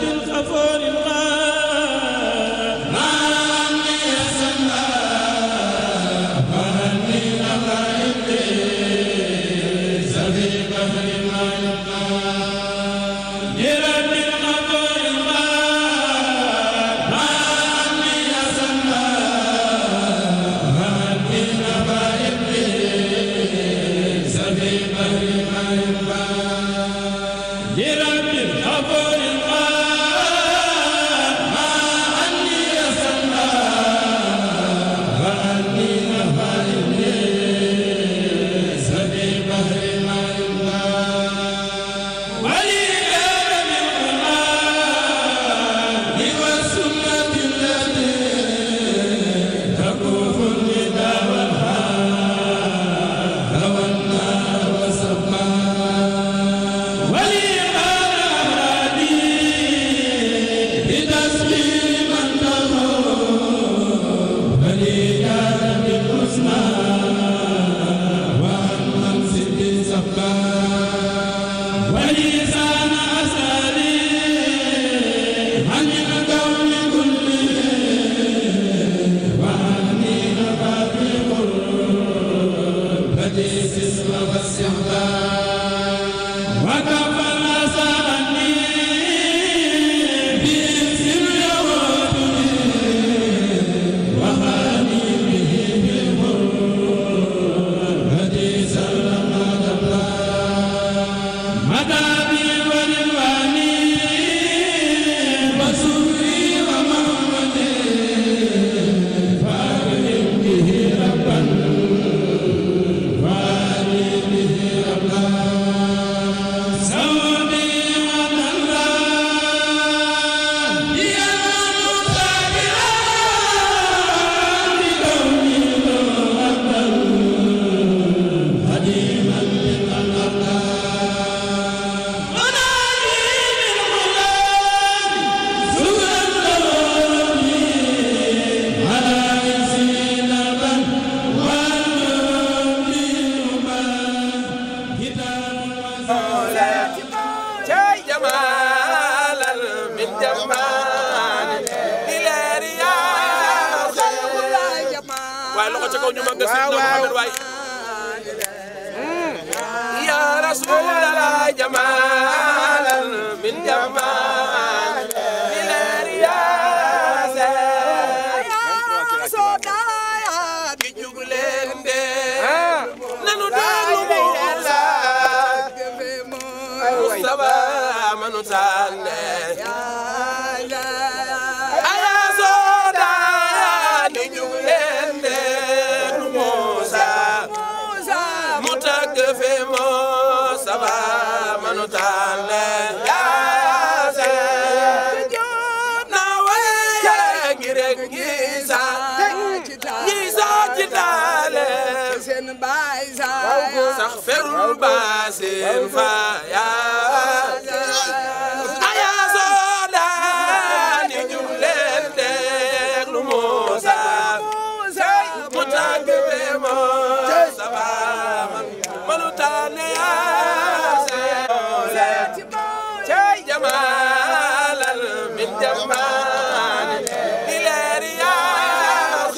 بالغفار المصطفى من سنه أستغفر باس فيا أيا سوداني جملة تغلو موسى متاك بموسى منو تاني جمال من جمال إلى رياض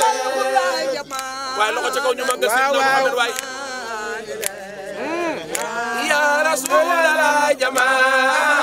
waaye loxo ca kaw ñu màgg si na Muhammad waay الجمال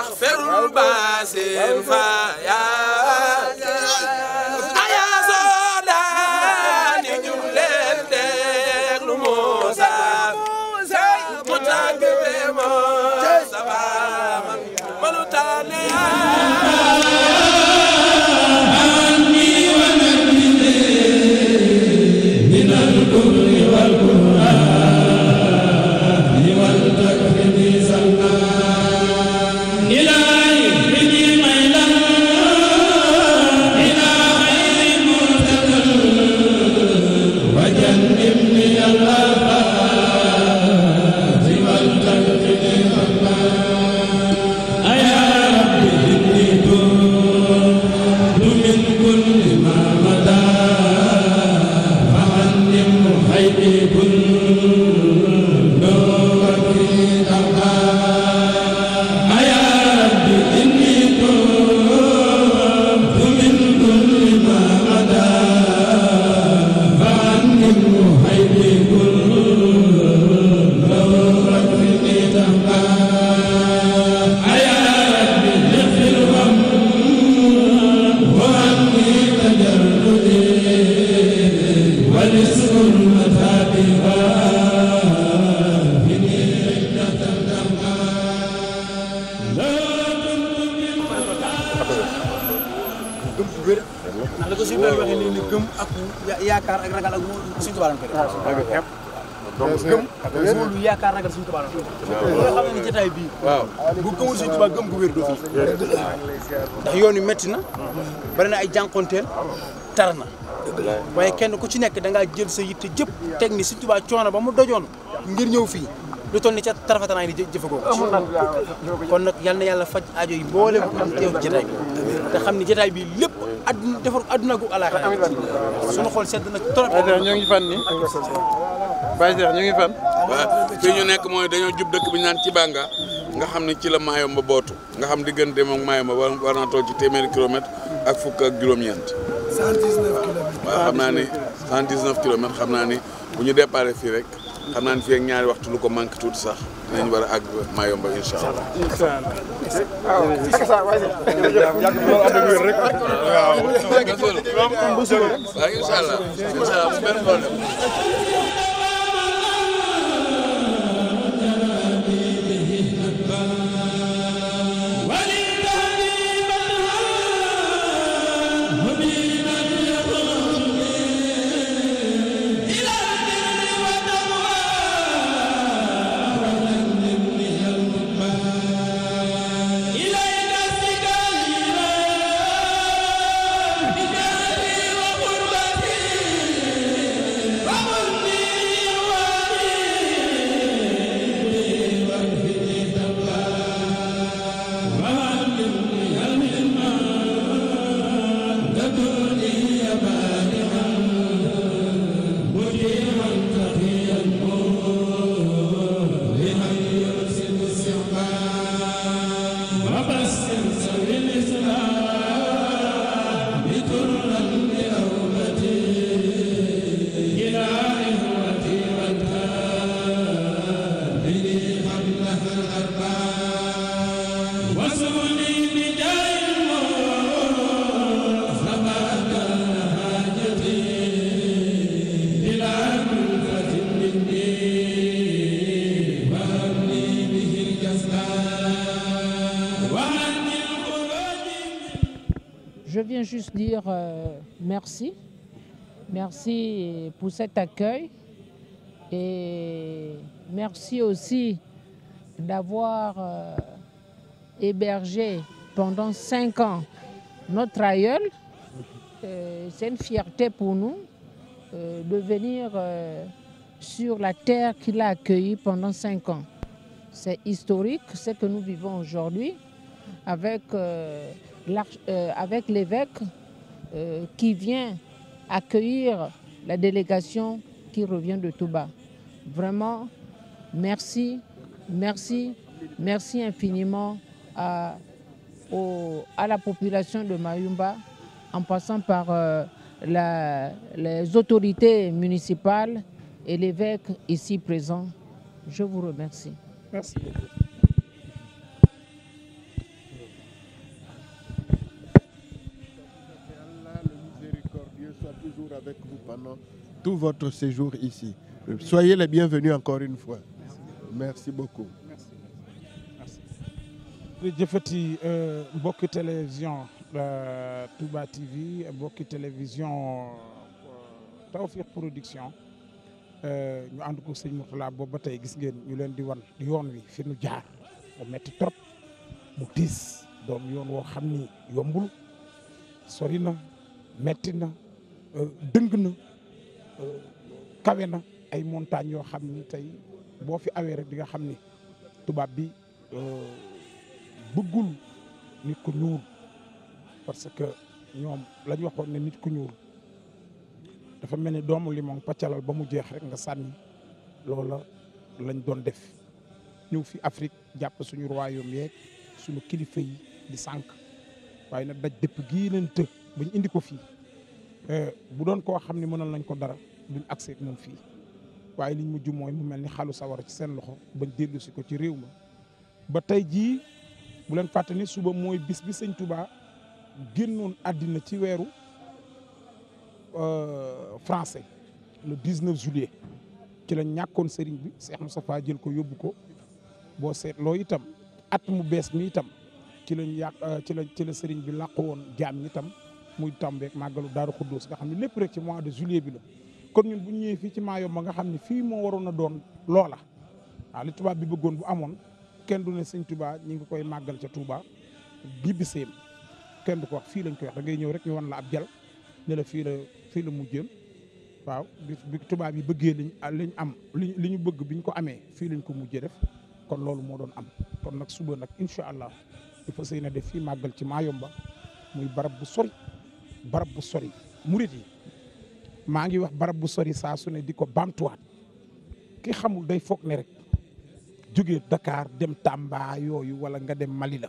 أستغفر الباسل فيا ñu gëm ak yaakaar ak ragal ak suñu tubaab lañ koy def. donc gëm ak wóolu yaakaar ragal suñu tubaab lañ koy def. loolu xam ne jotaay bii. waaw bu ndax yoon wi métti na. bari na ay jànkonteel tar na. waaye kenn ku ci nekk da jël sa yitte jëpp teg ni suñu tubaab coono ba mu dojoon ngir ñëw fii. lu toll ni ca tarafatanaay ni jëfagoo kon nag yal na yàlla faj aajo yi mboolem am teew jotaay bi te xam ni jotaay bi lépp adduna defar adduna gu àllaax suñu xool sedd na trop. ñoo ngi fan nii. Baye Cheikh ñu ngi fan. waaw fii ñu nekk mooy dañoo jub dëkk bi ñu naan ci Banga nga xam ne ci la Mayomba bootu nga xam diggante moom Mayomba war naa toog ci téeméeri kilomètre ak fukk ak juróom-ñeent. 119 kilomètres. waaw xam naa ni 119 kilomètres xam naa ni bu ñu déparé fii rek xam naa ni fii ñaari waxtu lu ko manqué tuuti sax. dinañ war a àgg Mayumba incha allah. incha allah. waaw ak saa waay yàgg lool ànd merci. Merci pour cet accueil et merci aussi d'avoir euh, hébergé pendant cinq ans notre aïeul. Euh, C'est une fierté pour nous euh, de venir euh, sur la terre qu'il a accueillie pendant cinq ans. C'est historique ce que nous vivons aujourd'hui avec euh, l'arch euh, avec l'évêque euh, qui vient accueillir la délégation qui revient de Touba. Vraiment, merci, merci, merci infiniment à, au, à la population de Mayumba, en passant par euh, la, les autorités municipales et l'évêque ici présent. Je vous remercie. Merci. pendant tout votre séjour ici. Soyez les bienvenus encore une fois. Merci beaucoup. jëfati euh, mbokki télévision euh, Touba TV mbokki télévision euh, Tawfekh Production ñu ànd ko sëñ Mourtala boobu ba tey gis ngeen ñu leen di wan di yoon wi fi nu jaar mu metti trop mu tiis doom yoon woo xam ni yombul sori na metti kawe na ay montagnes yoo xam ni tey boo fi awee rek di nga xam ni tubaab bi euh, bëggul nit ku ñuul parce que ñoom lañ waxoon ne nit ku ñuul dafa mel ni doomu limon pàccalal ba mu jeex rek nga sànni loola lañ doon def ñëw fi Afrique jàpp suñu royaume yeeg suñu kilifa yi di sànq waaye nag daj dëpp gii leen bañ indi ko fii euh, bu doon koo xam ne mënal nañ ko dara duñ accès ak ñun fii waaye liñ mujj mooy mu mel ni xalu sawara ci seen loxo bañ dellu si ko ci réew ma ba tey jii bu leen fàtte suba mooy bis bi sëñ Touba génnoon àddina ci weeru euh, français le 19 juillet ci la ñàkkoon sëriñ bi seex Cheikh Moustapha jël ko yóbbu ko boo seetloo itam at mu bees mi itam ci lañ yàq euh, ci la ci la sëriñ bi làqu woon jaam ñi itam muy tàmbeek màggalu Daaru Xuddoos nga xam ne lépp rek ci mois de juillet bi la kon ñun bu ñu fii ci Mayumba nga xam ne fii moo waroon a doon loola waaw li tubaab bi bëggoon bu amoon kenn du ne sëñ Touba ñu ngi koy màggal ca Touba bi bi kenn ko wax fii lañ koy wax da ngay ñëw rek ñu wan la jal ne la fii la fii la mujjëm waaw bi tubaab yi bëggee liñ liñ am li ñu bëgg biñ ko amee fii lañ ko mujjee def kon loolu moo doon am kon nag suba nag incha allah il faut na def fii màggal ci Mayumba muy barab bu sori barab bu sori murit yi maa ngi wax barab bu sori saa su ne di ko bamtuwaat ki xamul day foog ne rek jóge Dakar dem Tamba yooyu wala nga dem Mali la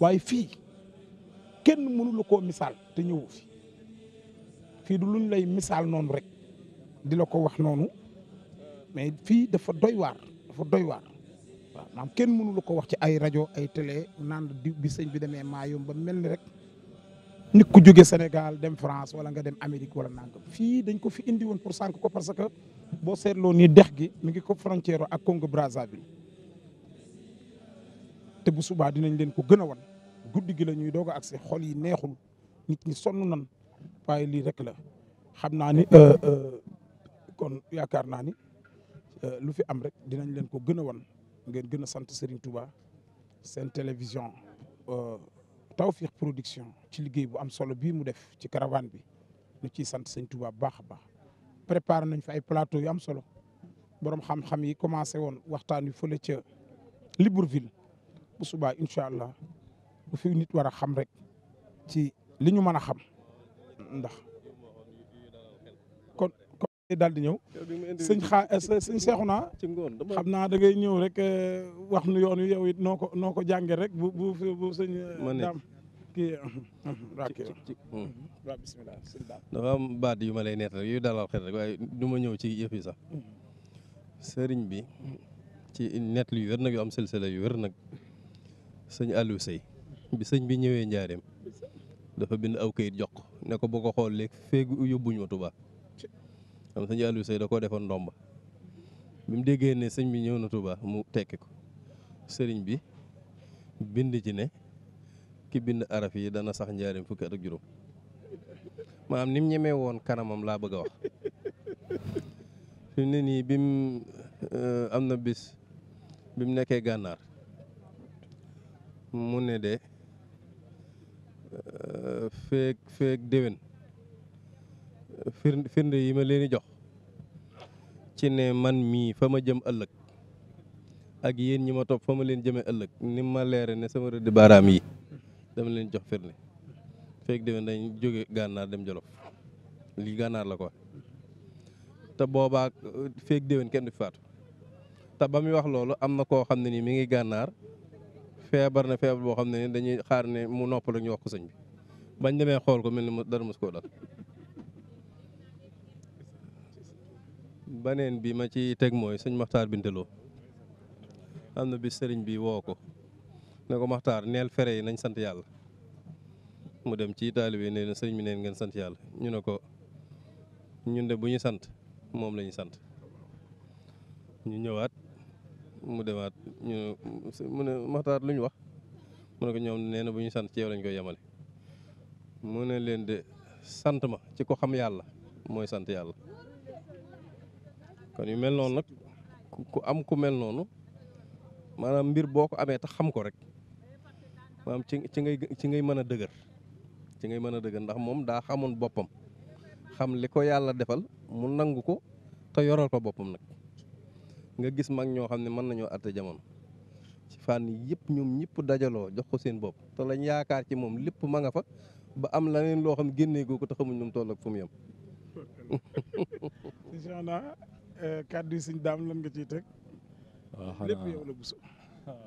waaye fii kenn mënu la koo misaal te ñëwu fi fii du luñ lay misaal noonu rek di la ko wax noonu mais fii dafa doy waar dafa doy waar waaw maam kenn mënu ko wax ci ay rajo ay télé naan di bi sëñ bi demee maa ba mel ni rek nit ku jóge Sénégal dem France wala nga dem Amérique wala nangam fii dañ ko fi indi woon pour sànq ko parce que boo seetloo nii dex gi mi ngi ko frontière ak Congo Brazzaville te bu subaa dinañ leen ko gën a wan guddi gi la ñuy doog a agsi xol yi neexul nit ñi sonn nan waaye lii rek la xam naa ni euh, euh, kon yaakaar naa ni euh, lu fi am rek dinañ leen ko gën a wan ngeen gën a sant Serigne Touba seen télévision. Tawfekh Production ci liggéey bu am solo bi mu def ci caravane bi ñu ci sant sëñ Touba baax a baax préparé nañ fa ay plateau yu am solo borom xam-xam yi commencé woon waxtaan wi fole ca Libreville bu suba incha allah bu fi nit war xam rek ci li ñu a xam ndax kon kon daal di ñëw sëñ xaa eh, xam naa da ngay ñëw rek eh, wax nu yoon wi yow it noo ko noo rek bu bu eh, daam kii hmm. dafa am baat yu ma lay neet rek yu dalal xel rek waaye du ma ñëw ci yëf yi sax. Hmm. sëriñ bi ci net lu wér nag yu am silsila yu wér nag sëñ Aliou sëy sëñ bi ñëwee njaareem dafa bind aw kayit jox ne ko boo ko xool léegi feeg yóbbuñ ma Tuubaa am sëñ Aliou Seye da koo defoon ndomba bi mu déggee ne sëñ bi ñëw na Tuubaa mu tekki ko sëriñ bi bind ci ne. ki bind araf yi dana sax njaarim fukki at ak juróom maanaam nim mu woon kanamam laa bëgg a wax fi ne nii bim euh, am na bis bi nekkee gànnaar mu ne de euh, feek feek déwén firnde yi ma leen di jox ci ne man mii fa ma jëm ëllëg ak yéen ñi ma topp fa ma leen jëmee ëllëg ni ma leere ne sama rëdd baaraam yi dama leen jox firnde fekk déwén dañ jóge gànnaar dem jolof lii gànnaar la ko te boobaa fekk déwén kenn du faatu te ba muy wax loolu am na koo xam ne nii mi ngi gànnaar feebar na feebar boo xam ne ni dañuy xaar ne mu noppal ñu wax ko sëñ bi bañ demee xool ko mel ni dara mos koo dal baneen bi ma ci teg mooy sëñ Maxtaar Binteloo am na bi sëriñ bi woo ko ne ko maxtaar neel fere yi nañ sant yàlla mu dem ci taalibe nee na sëriñ bi neen ngeen sant yàlla ñu ne ko ñun de bu ñu sant moom la sant ñu ñëwaat mu demaat ñu mu ne maxtaar lu ñu wax mu ne ko ñoom nee na bu ñu sant ci yow lañ koy yemale mu ne leen de sant ma ci ko xam yàlla mooy sant yàlla kon yu mel noonu nag ku am ku mel noonu maanaam mbir boo ko amee tax xam ko rek maanaam ci ci ngay ci ngay mën a dëgër ci ngay mën a dëgër ndax moom daa xamoon boppam xam li ko yàlla defal mu nangu ko te yoral ko boppam nag nga gis mag ñoo xam ne mën nañoo àtte jamono ci fànn yëpp ñoom ñëpp dajaloo jox ko seen bopp te lañ yaakaar ci moom lépp ma nga fa ba am leneen loo xam génnee goo ko te xamuñ nu mu toll ak fu mu yem. incha allah euh, kàddu yow la buso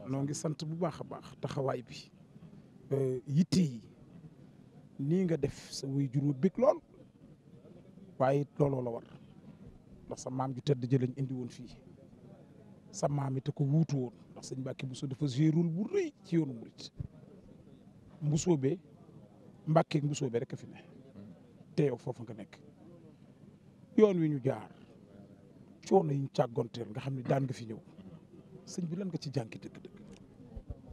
noo ngi sant bu baax a baax taxawaay bi. Euh, yitte yi nii nga def sa wuy jur wu lool waaye it looloo la war ndax sa maam ju tëdd ji lañ indi woon fii sa maam it ko wuutu woon ndax sëñ Mbàkke Bousso dafa joué rôle bu rëy ci yoonu mu Mbousso be Mbàkke Mbousso be rek a fi ne te yow foofu nga nekk yoon wi ñu jaar coono yi ñu càggonteel nga xam ne daan nga fi ñëw sëñ bi lan nga ci jànki dëgg-dëgg.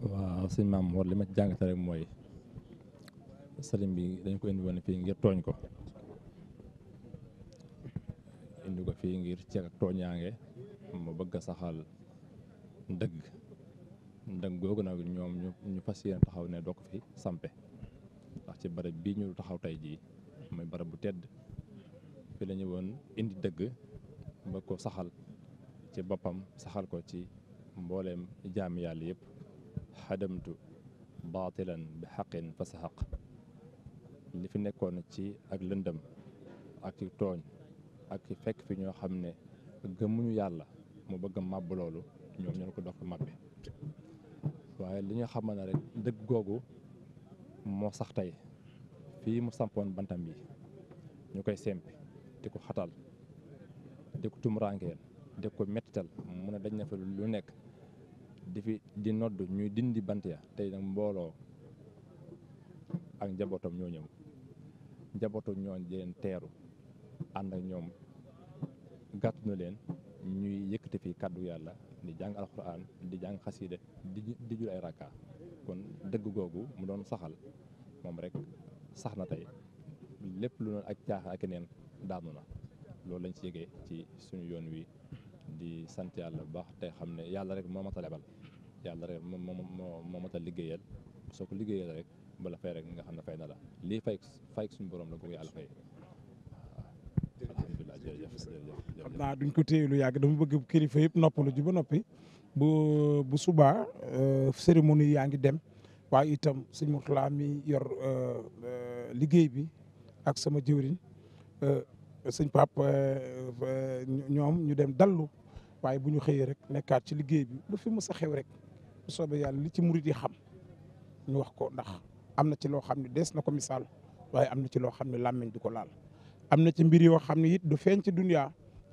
waaw sëñ Maam Mor li ma jàng jàngate rek mooy sëlim bi dañ ko indi woon fii ngir tooñ ko indi ko fii ngir ceeg ak tooñaange mu bëgg a saxal dëgg dëgg googu nag ñoom ñu fas yéene taxaw ne doo fi sampe ndax ci barab bi ñu taxaw tey jii muy barab bu tedd fi la woon indi dëgg bëgg ko saxal ci boppam saxal ko ci mbooleem jaam yàlla yëpp xadamtu baatilan bi xaqin fa saxaq li fi nekkoon ci ak lëndëm ak ci tooñ ak ci fekk fi ñoo xam ne gëmuñu yàlla mu bëgg a màbb loolu ñoom ñoo ko dox màbbe waaye li ñu xamal ne rek dëgg googu moo sax tey fii mu sampoon bantam yi ñu koy sempi di ko xatal di ko tumuraankeel di ko mettital mu ne dañ na fa lu nekk di fi di nodd ñuy dindi bant ya tey nag mbooloo ak njabootam ñoo ñëw njabootam ñoo di leen teeru ànd ak ñoom gàtt na leen ñuy yëkkati fi kàddu yàlla di jàng alxuraan di jàng xasiide di di ay rakka kon dëgg googu mu doon saxal moom rek sax na tey lépp lu noonu ak caax ak neen daanu na loolu lañ ci yëgee ci suñu yoon wi di sant yàlla bu baax tey xam ne yàlla rek moo ma talebal yàlla rek moo moo moo mat a liggéeyal soo ko liggéeyal rek bala fay rek nga xam ne fay na la lii fay fay suñu borom la ko yàlla fay. alhamdulilah jërëjëf jërëjëf xam naa duñ ko téye lu yàgg dama bëgg kilifa yëpp noppalu ji ba noppi bu bu subaa euh, cérémonie yaa ngi dem waaye itam sëñ Mourtala mi yor euh, liggéey bi ak sama jëwriñ euh, sëñ pap ñoom ñu dem dallu waaye bu ñu xëyee rek nekkaat ci liggéey bi lu fi mës a xew rek bu soobee yàlla li ci murit yi xam ñu wax ko ndax am na ci loo xam ne des na ko misaal waaye am na ci loo xam ne làmmiñ du ko laal. am na ci mbir yoo xam ne it du feeñ ci duniyaa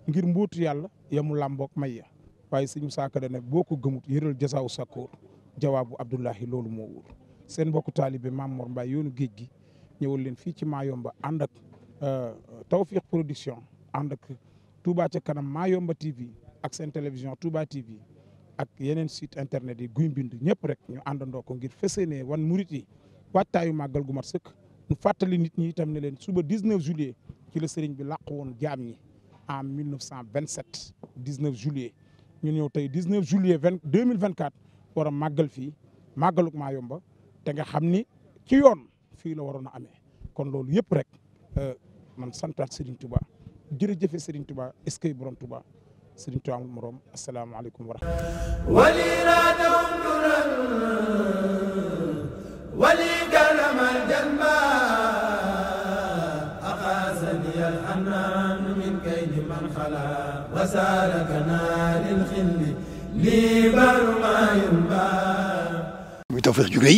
ngir mbootu yàlla yamu làmboog may ya waaye suñu saaka dana boo ko gëmut yëral jasaaw sakkoor jawaabu Abdullahi loolu moo wóor seen mbokku taalibe Mame Mor Mbaye yoonu géej gi ñëwal leen fii ci Mayumba ànd ak euh, Tawfekh Production ànd ak ci ca kanam Mayumba TV ak seen télévision Touba TV. ak yeneen site internet yi guy mbind ñëpp rek ñu àndandoo ko gir feseenee wan muri yi waajtaayu màggal gu mat sëkk ñu fàttali nit ñi itam ne leen suba 19 juillet ci la sëriñ bi làq woon jaam ñi en 1927 19 juillet ñu ñëw tey 19 juillet 20 2024 war a màggal fii màggaluk Maayomba te nga xam ni ci yoon fii la waroon a amee kon loolu yëpp rek euh, man santaat Serigne Touba jërëjëfe Serigne Touba est-ce que borom Touba sëriñ Tuubaa amul moroom asalaamaaleykum wa rahmatulah. wali raadawum duran wali galamal janba aqaasani al anaan min kaydi man xala wasaaraka naaril xilli lii baru maa yumba muy tawfeex ju rëy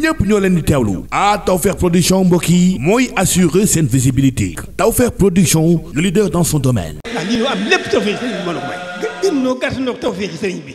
ñëpp ñoo leen di teewlu ah Tawfekh production mbokk yi mooy assurer seen visibilité ta Tawfekh production le leader dans son domaine. Ah, am lépp Tawfekh sëriñ bi.